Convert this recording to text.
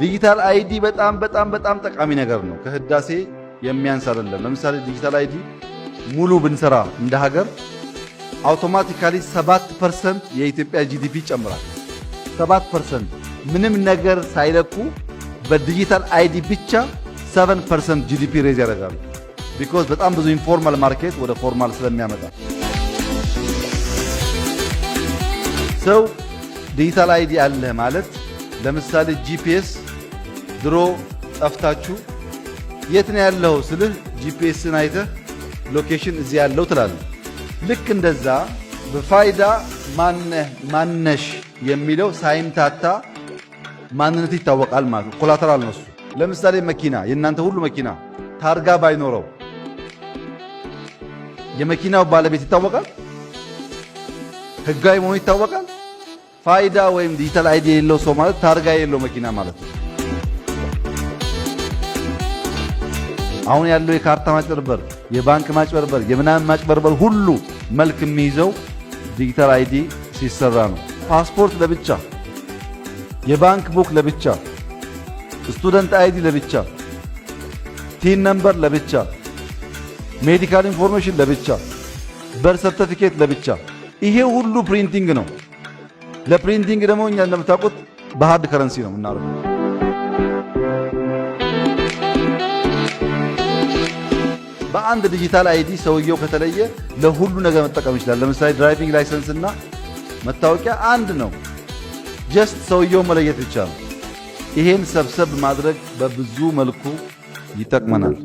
ዲጂታል አይዲ በጣም በጣም በጣም ጠቃሚ ነገር ነው። ከህዳሴ የሚያንስ አይደለም። ለምሳሌ ዲጂታል አይዲ ሙሉ ብንሰራ እንደ ሀገር አውቶማቲካሊ 7% የኢትዮጵያ ጂዲፒ ይጨምራል። 7% ምንም ነገር ሳይለኩ በዲጂታል አይዲ ብቻ 7% ጂዲፒ ሬዝ ያደርጋሉ። ቢኮዝ በጣም ብዙ ኢንፎርማል ማርኬት ወደ ፎርማል ስለሚያመጣ ሰው ዲጂታል አይዲ አለ ማለት ለምሳሌ ጂፒኤስ ድሮ ጠፍታችሁ የት ነው ያለው ስልህ ጂፒኤስን አይተህ ሎኬሽን እዚህ ያለው ትላለህ። ልክ እንደዛ በፋይዳ ማነህ ማነሽ የሚለው ሳይምታታ ማንነት ይታወቃል ማለት ነው። ኮላተራል ነው እሱ። ለምሳሌ መኪና፣ የእናንተ ሁሉ መኪና ታርጋ ባይኖረው የመኪናው ባለቤት ይታወቃል፣ ህጋዊ መሆኑ ይታወቃል። ፋይዳ ወይም ዲጂታል አይዲ የሌለው ሰው ማለት ታርጋ የሌለው መኪና ማለት ነው። አሁን ያለው የካርታ ማጭበርበር፣ የባንክ ማጭበርበር፣ የምናምን ማጭበርበር ሁሉ መልክ የሚይዘው ዲጂታል አይዲ ሲሰራ ነው። ፓስፖርት ለብቻ፣ የባንክ ቡክ ለብቻ፣ ስቱደንት አይዲ ለብቻ፣ ቲን ነምበር ለብቻ፣ ሜዲካል ኢንፎርሜሽን ለብቻ፣ በር ሰርተፊኬት ለብቻ። ይሄ ሁሉ ፕሪንቲንግ ነው። ለፕሪንቲንግ ደግሞ እኛ እንደምታውቁት በሃርድ ከረንሲ ነው ምናደርገው። በአንድ ዲጂታል አይዲ ሰውየው ከተለየ ለሁሉ ነገር መጠቀም ይችላል። ለምሳሌ ድራይቪንግ ላይሰንስ እና መታወቂያ አንድ ነው። ጀስት ሰውየው መለየት ብቻ ነው። ይሄን ሰብሰብ ማድረግ በብዙ መልኩ ይጠቅመናል።